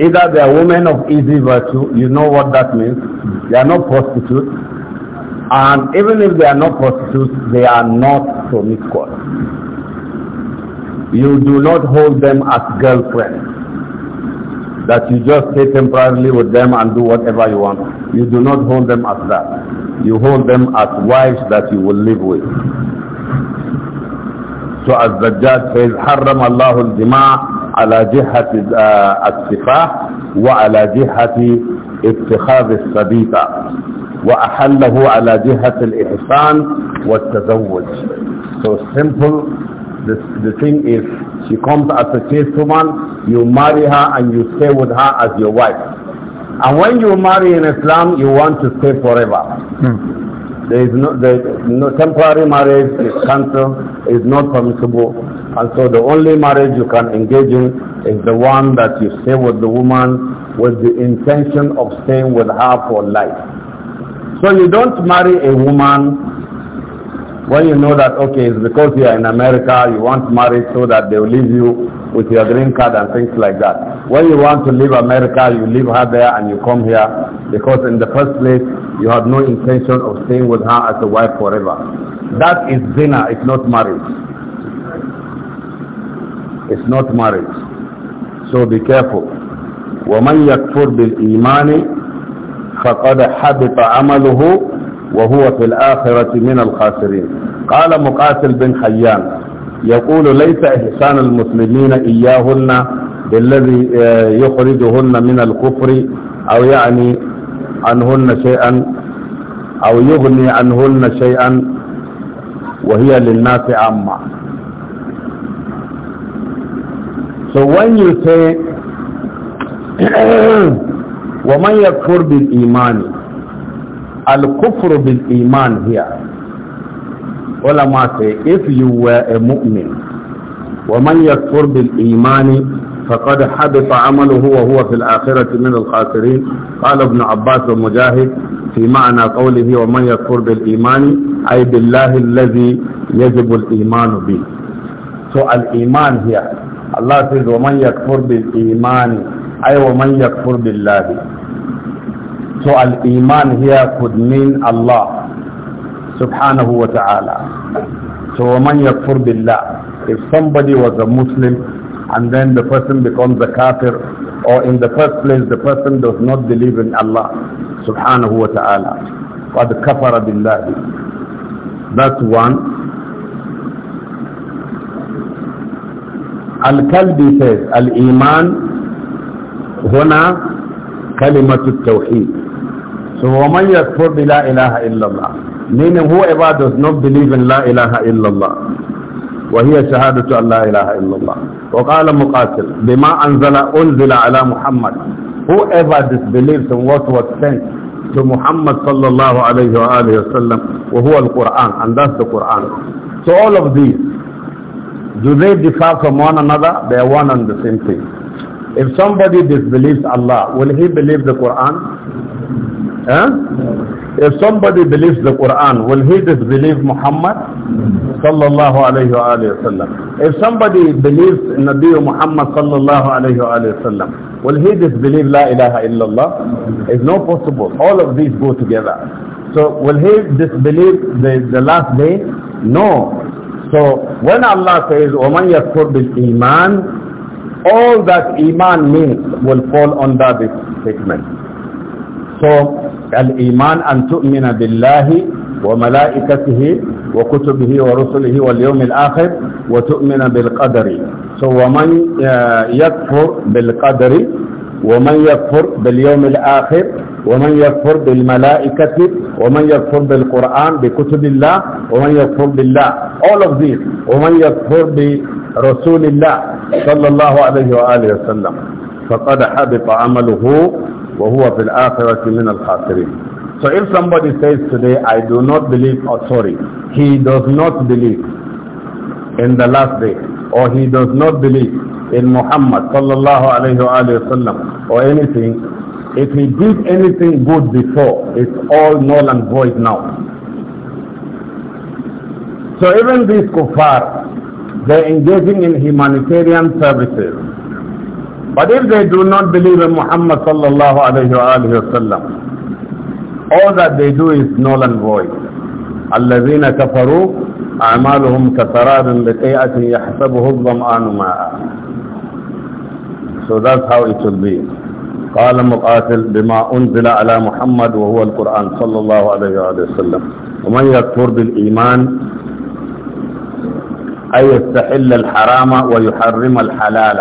Either they are women of easy virtue, you know what that means, they are not prostitutes, and even if they are not prostitutes, they are not promiscuous you do not hold them as girlfriends. That you just stay temporarily with them and do whatever you want. You do not hold them as that. You hold them as wives that you will live with. So as the judge says, حرم الله الجماع على جهة السفاح وعلى جهة اتخاذ السبيطة وأحله على جهة الإحسان والتزوج. So simple the, the thing is, she comes as a chaste you marry her and you stay with her as your wife. And when you marry in Islam, you want to stay forever. Hmm. There is no, there, no temporary marriage is cancelled, is not permissible. And so the only marriage you can engage in is the one that you stay with the woman with the intention of staying with her for life. So you don't marry a woman when you know that, okay, it's because you are in America, you want marriage so that they will leave you with your green card and things like that. When you want to leave America, you leave her there and you come here because in the first place, you have no intention of staying with her as a wife forever. That is zina, it's not marriage. It's not marriage. So be careful. وَمَنْ يَكْفُرْ بِالْإِيمَانِ فَقَدْ حَبِطَ عَمَلُهُ وهو في الآخرة من الخاسرين قال مقاتل بن حيان يقول ليس إحسان المسلمين إياهن بالذي آه، يخرجهن من الكفر أو يعني عنهن شيئا أو يغني عنهن شيئا وهي للناس عامة So when you say وَمَنْ يَكْفُرْ بِالْإِيمَانِ الكفر بالإيمان هي iman here. Ulama say, if you were a mu'min, وَمَنْ يَكْفُرْ بِالْإِيمَانِ فَقَدْ حَبِطَ عَمَلُهُ وَهُوَ فِي الْآخِرَةِ مِنَ الْخَاسِرِينَ قال ابن عباس ومجاهد في معنى قوله ومن يكفر بالإيمان أي بالله الذي يجب الإيمان به So الإيمان هي here, Allah says وَمَنْ يَكْفُرْ بِالْإِيمَانِ أي وَمَنْ يَكْفُرْ بِاللَّهِ So al-Iman here could mean Allah subhanahu wa ta'ala. So وَمَنْ bil بِاللَّهِ If somebody was a Muslim and then the person becomes a kafir or in the first place the person does not believe in Allah subhanahu wa ta'ala. قَدْ bil بِاللَّهِ That's one. Al-Kalbi says, Al-Iman هنا كلمة التوحيد so وَمَنْ يَكْفُرْ بِلَا إِلَهَ إِلَّا اللَّهِ Meaning whoever does not believe in La ilaha illallah وهي شهادة أن لا إله إلا الله وقال مقاتل بما أنزل أنزل على محمد Whoever disbelieves in what was sent to Muhammad صلى الله عليه alayhi wa sallam وهو القرآن and that's the Quran. So all of these do they differ from one another? They are one and the same thing. If somebody disbelieves Allah, will he believe the Quran? If somebody believes the Quran, will he disbelieve Muhammad? Sallallahu alayhi wa sallam. If somebody believes Nabi Muhammad sallallahu alayhi wa sallam, will he disbelieve La ilaha illallah? It's not possible. All of these go together. So will he disbelieve the, the last day? No. So when Allah says, وَمَنْ يَكْفُرْ بِالْإِيمَانِ All that Iman means will fall under this statement. So الإيمان أن تؤمن بالله وملائكته وكتبه ورسله واليوم الآخر وتؤمن بالقدر so ومن آه، يكفر بالقدر ومن يكفر باليوم الآخر ومن يكفر بالملائكة ومن يكفر بالقرآن بكتب الله ومن يكفر بالله all of these ومن يكفر برسول الله صلى الله عليه وآله وسلم فقد حبط عمله وَهُوَ فِي الْآخِرَةِ مِنَ الْخَاسِرِينَ So if somebody says today, I do not believe, or sorry, he does not believe in the last day, or he does not believe in Muhammad sallallahu alayhi wa sallam, or anything, if he did anything good before, it's all null and void now. So even these kuffar, they're engaging in humanitarian services But if they do not believe in Muhammad sallallahu alayhi wa sallam, all that they do is null and void. الَّذِينَ كَفَرُوا أَعْمَالُهُمْ كَسَرَادٍ بِقِيَةٍ يَحْسَبُهُ الظَّمْآنُ مَاءً So that's how it should be. قال مقاتل بما أنزل على محمد وهو القرآن صلى الله عليه وسلم ومن يكفر بالإيمان أي يستحل الحرام ويحرم الحلال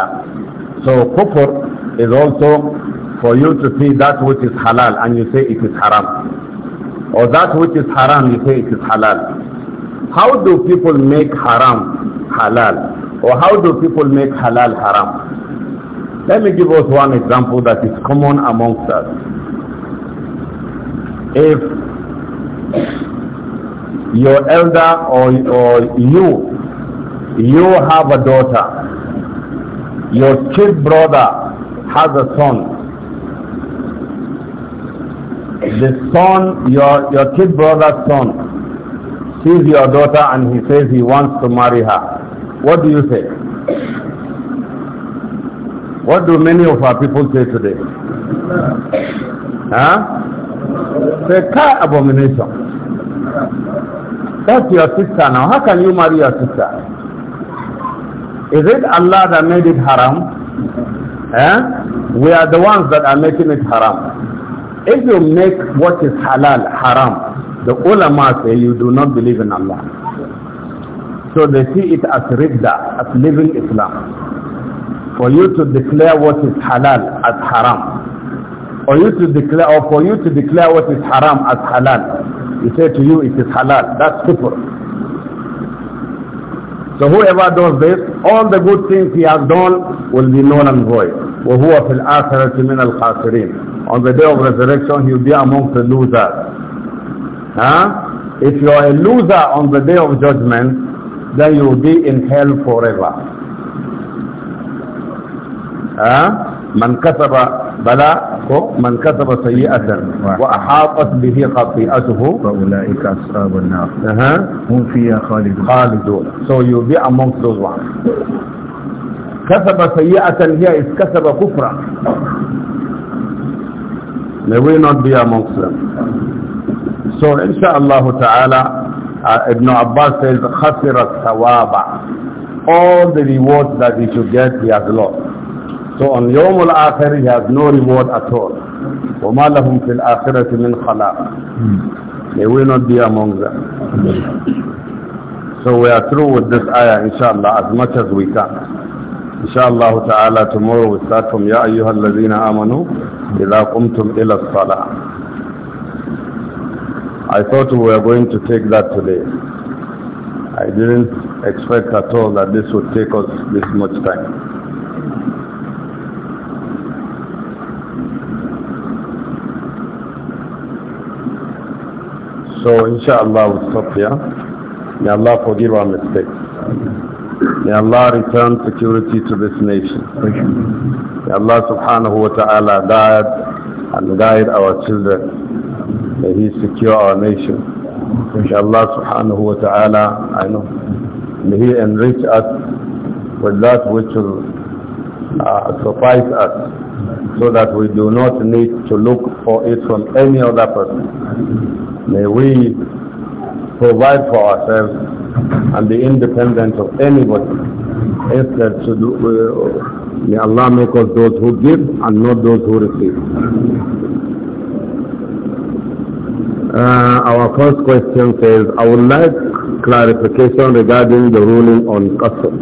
So kufr is also for you to see that which is halal and you say it is haram. Or that which is haram, you say it is halal. How do people make haram halal? Or how do people make halal haram? Let me give us one example that is common amongst us. If your elder or, or you, you have a daughter your kid brother has a son. The son, your, your kid brother's son, sees your daughter and he says he wants to marry her. What do you say? What do many of our people say today? Huh? Say car abomination. That's your sister now. How can you marry your sister? Is it Allah that made it haram? Eh? We are the ones that are making it haram. If you make what is halal haram, the ulama say you do not believe in Allah. So they see it as ridda, as living Islam. For you to declare what is halal as haram. Or you to declare or for you to declare what is haram as halal. they say to you it is halal. That's kufr. So whoever does this, all the good things he has done will be known and void. وَهُوَ فِي الْآخِرَةِ مِنَ الْخَاسِرِينَ On the day of resurrection, he'll be among the losers. Huh? If you are a loser on the day of judgment, then you will be in hell forever. Huh? من بلى من كسب سيئة وأحاطت به خطيئته فأولئك أصحاب النار هم فيها خالدون خالدون so you'll be amongst those ones كسب سيئة هي إذ كسب كفرا may we not be amongst them so شاء ta'ala تعالى Ibn Abbas says خسر الثواب all the rewards that he should get he has lost So on Yawm al-Akhir he has no reward at all. وَمَا لَهُمْ فِي الْآخِرَةِ مِنْ خَلَاقٍ They will not be among them. So we are through with this ayah inshallah as much as we can. Inshallah ta'ala tomorrow we start from يَا أَيُّهَا الَّذِينَ آمَنُوا إِذَا قُمْتُمْ إِلَى الصَّلَاةِ I thought we were going to take that today. I didn't expect at all that this would take us this much time. So inshallah we'll stop here. May Allah forgive our mistakes. May Allah return security to this nation. May Allah subhanahu wa ta'ala guide and guide our children. May He secure our nation. May Allah subhanahu wa ta'ala, I know, may He enrich us with that which will uh, suffice us so that we do not need to look for it from any other person. May we provide for ourselves and be independent of anybody. that should, uh, may Allah make us those who give and not those who receive. Uh, our first question says, I would like clarification regarding the ruling on custom.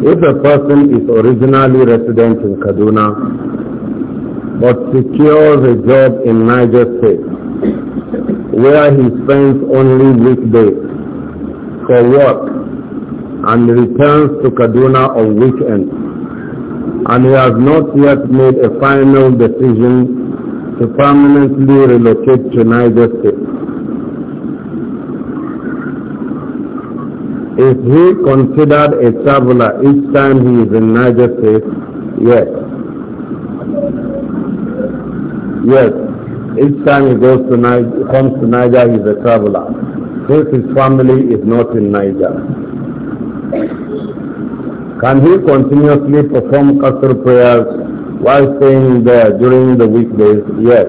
If a person is originally resident in Kaduna but secures a job in Niger State, where he spends only weekdays for work and returns to Kaduna on weekends. And he has not yet made a final decision to permanently relocate to Niger State. Is he considered a traveler each time he is in Niger State? Yes. Yes, each time he goes to Niger, comes to Niger, he's a traveler. Since his family is not in Niger. Can he continuously perform Qasr prayers while staying there during the weekdays? Yes.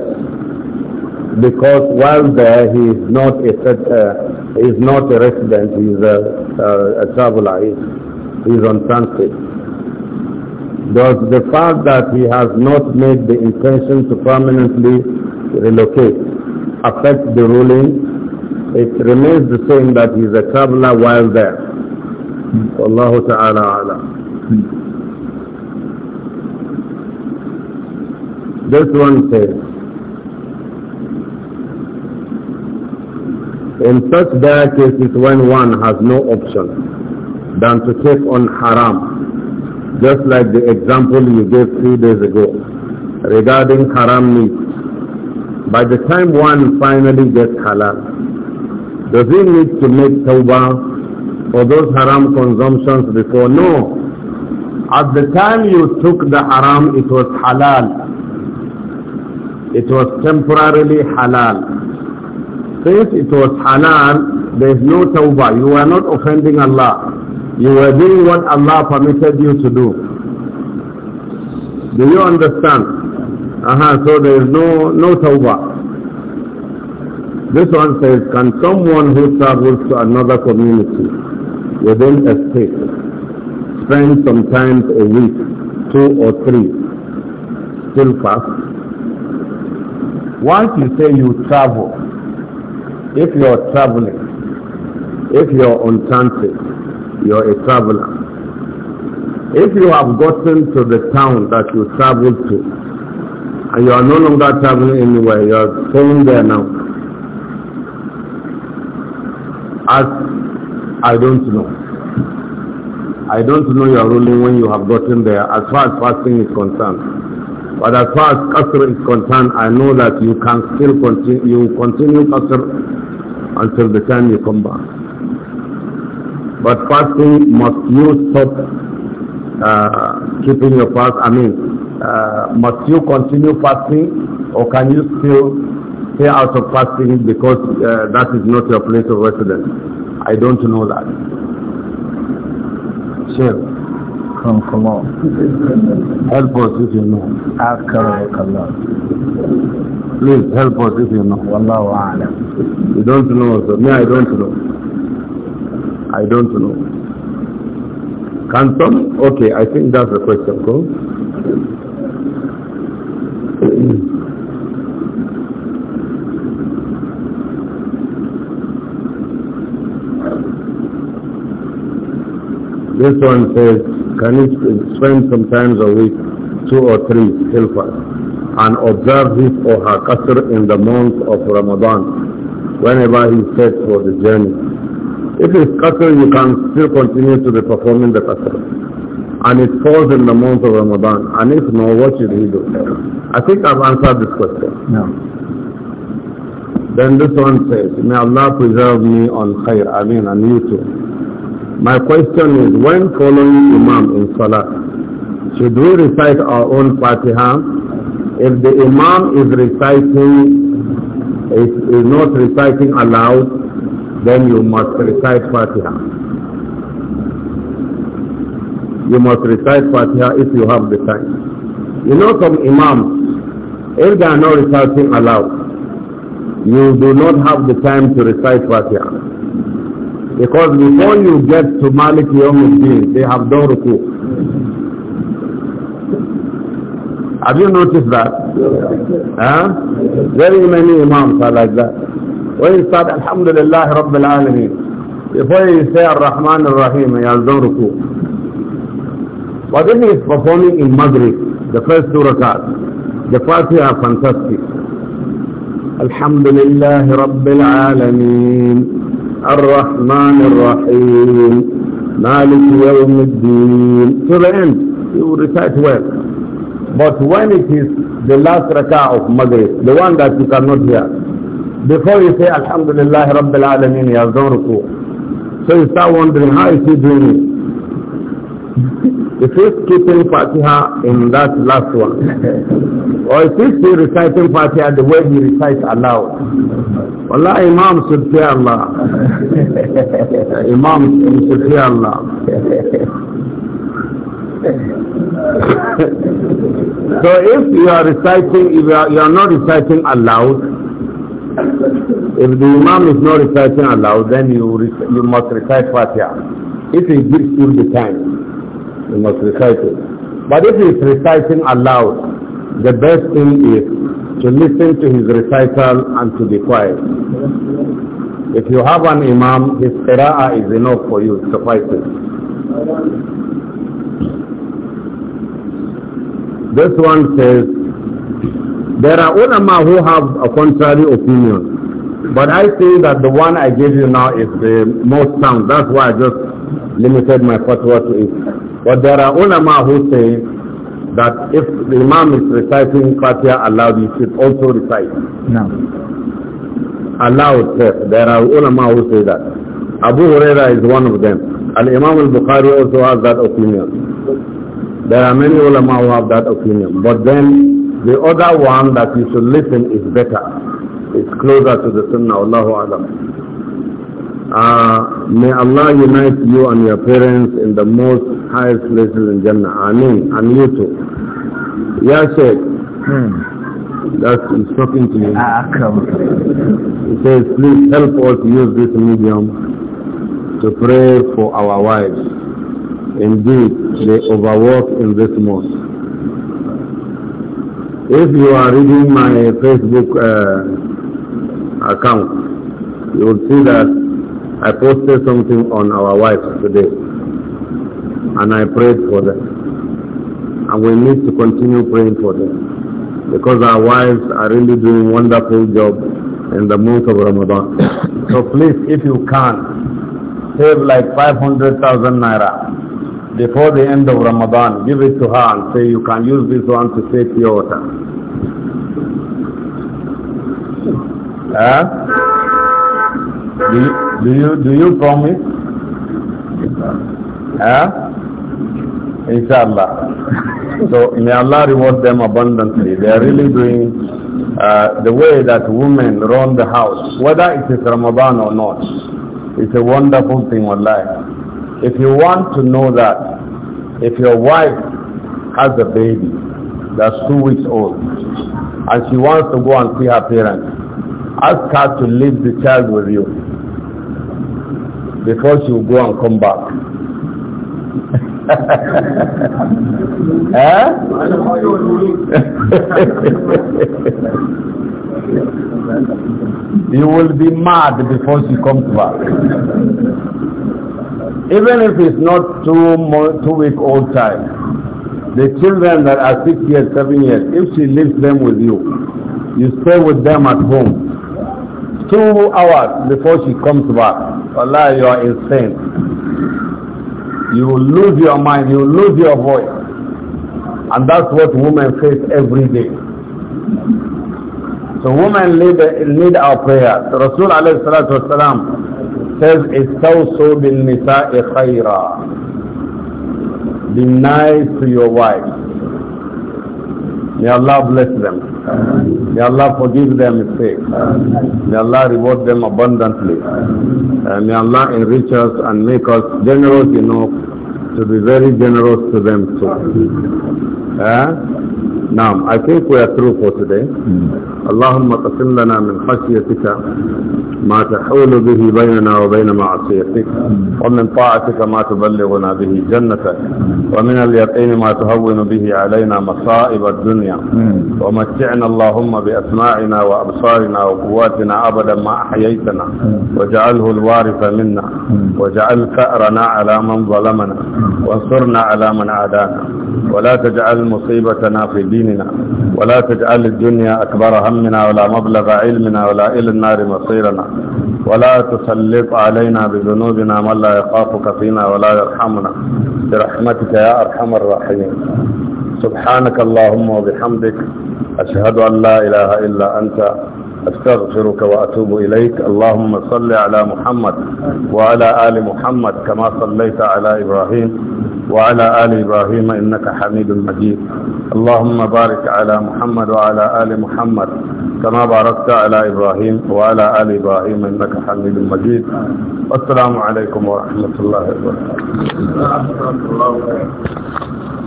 Because while there, he is not a, uh, he is not a resident, he is a, uh, a traveler, he is on transit. Does the fact that he has not made the intention to permanently relocate affect the ruling? It remains the same that he is a traveler while there. Wallahu ta'ala ala. This one says, In such dire cases when one has no option than to take on haram just like the example you gave three days ago regarding haram meat. By the time one finally gets halal, does he need to make tawbah for those haram consumptions before? No. At the time you took the haram, it was halal. It was temporarily halal. Since it was halal, there is no tawbah. You are not offending Allah. You were doing what Allah permitted you to do. Do you understand? huh. so there is no, no tawbah. This one says, can someone who travels to another community within a state spend sometimes a week, two or three, still fast? Once you say you travel, if you are traveling, if you are on transit, you're a traveler. If you have gotten to the town that you traveled to, and you are no longer traveling anywhere, you are staying there now. As I don't know. I don't know your ruling when you have gotten there as far as fasting is concerned. But as far as Qasr is concerned, I know that you can still continue, you continue Qasr until the time you come back. But fasting must you stop uh, keeping your fast? I mean, uh, must you continue fasting or can you still stay out of fasting because uh, that is not your place of residence? I don't know that. Sure. Come, come on. help us if you know. Please help us if you know. Wallahu alam. You don't know, so me I don't know. I don't know. Can some? Okay, I think that's the question. Go. this one says, can you spend sometimes a week, two or three, till and observe his or her qasr in the month of Ramadan, whenever he sets for the journey? If it's Qasr, you can still continue to be performing the Qasr. And it falls in the month of Ramadan. And if no, what should he do? I think I've answered this question. No. Then this one says, May Allah preserve me on khair, I mean on you too. My question is, when following Imam in Salah, should we recite our own Fatiha? If the Imam is reciting, is, is not reciting aloud, then you must recite Fatiha. You must recite Fatiha if you have the time. You know some imams, if they are not reciting aloud, you do not have the time to recite Fatiha. Because before you get to Malik they have done ruku. Have you noticed that? Huh? Very many imams are like that. When you start Alhamdulillah Rabbil Alameen, before you say Ar-Rahman Ar-Rahim, But he is performing in Maghrib, the first two rakat the Fatiha are fantastic. Alhamdulillah Rabbil Alameen, Ar-Rahman Ar-Rahim, Malik الدين To the end, you recite well. But when it is the last rakah of Maghrib, the one that you cannot hear, Before you say, Alhamdulillah Rabbil Alameen, you So you start wondering, how is he doing it? If he's keeping Fatiha in that last one, or if he's still reciting Fatiha the way he recites aloud, Allah Imam should fear Allah. Imam should fear Allah. so if you are reciting, if you are, you are not reciting aloud, if the Imam is not reciting aloud, then you, you must recite Fatiha. If he gives you the time, you must recite it. But if he is reciting aloud, the best thing is to listen to his recital and to be quiet. If you have an Imam, his qira'ah is enough for you, it. This one says, there are ulama who have a contrary opinion. But I say that the one I gave you now is the most sound. That's why I just limited my fatwa to it. But there are ulama who say that if the imam is reciting Fatiha aloud, he should also recite. No. Aloud, there are ulama who say that. Abu Huraira is one of them. And imam al-Bukhari also has that opinion. There are many ulama who have that opinion. But then the other one that you should listen is better. It's closer to the Sunnah. Allahu Alam. Uh, may Allah unite you and your parents in the most highest places in Jannah. Amin. And you too. Yes, sir. Hmm. That's he's talking to me. Ah, come. He says, please help us use this medium to pray for our wives. Indeed, they overwork in this mosque. If you are reading my Facebook uh, account, you will see that I posted something on our wives today. And I prayed for them. And we need to continue praying for them. Because our wives are really doing wonderful job in the month of Ramadan. So please, if you can, save like 500,000 naira before the end of Ramadan, give it to her and say, you can use this one to save your water. Huh? Do you, do you, do you promise? Huh? Inshallah. so may Allah reward them abundantly. They are really doing uh, the way that women run the house, whether it is Ramadan or not. It's a wonderful thing, Allah. If you want to know that, if your wife has a baby that's two weeks old, and she wants to go and see her parents, ask her to leave the child with you before she will go and come back. eh? you will be mad before she comes back. Even if it's not two, two week old child, the children that are six years, seven years, if she leaves them with you, you stay with them at home. Two hours before she comes back, Allah, you are insane. You will lose your mind, you will lose your voice. And that's what women face every day. So women need, need our prayers. Rasul alayhi salatu wasalam says, "Istawsu bil nisa'i khayra." Be nice to your wife. May Allah bless them. May Allah forgive their mistakes. May Allah reward them abundantly. And may Allah enrich us and make us generous enough to be very generous to them too. Eh? نعم I think we are through for today. Hmm. اللهم قسم لنا من خشيتك ما تحول به بيننا وبين معصيتك hmm. ومن طاعتك ما تبلغنا به جنتك hmm. ومن اليقين ما تهون به علينا مصائب الدنيا ومتعنا اللهم بأسماعنا وأبصارنا وقواتنا أبدا ما أحييتنا واجعله الوارث منا واجعل ثأرنا على من ظلمنا وانصرنا على من عادانا ولا تجعل مصيبتنا في دين ديننا ولا تجعل الدنيا أكبر همنا ولا مبلغ علمنا ولا إلى النار مصيرنا ولا تسلط علينا بذنوبنا من لا يخافك فينا ولا يرحمنا برحمتك يا أرحم الراحمين سبحانك اللهم وبحمدك أشهد أن لا إله إلا أنت أستغفرك وأتوب إليك اللهم صل على محمد وعلى آل محمد كما صليت على إبراهيم وعلى آل إبراهيم إنك حميد مجيد اللهم بارك على محمد وعلى آل محمد كما باركت على إبراهيم وعلى آل إبراهيم إنك حميد مجيد والسلام عليكم ورحمة الله وبركاته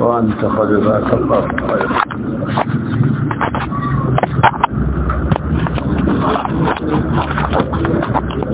وأنت ذاك الله خير すいません。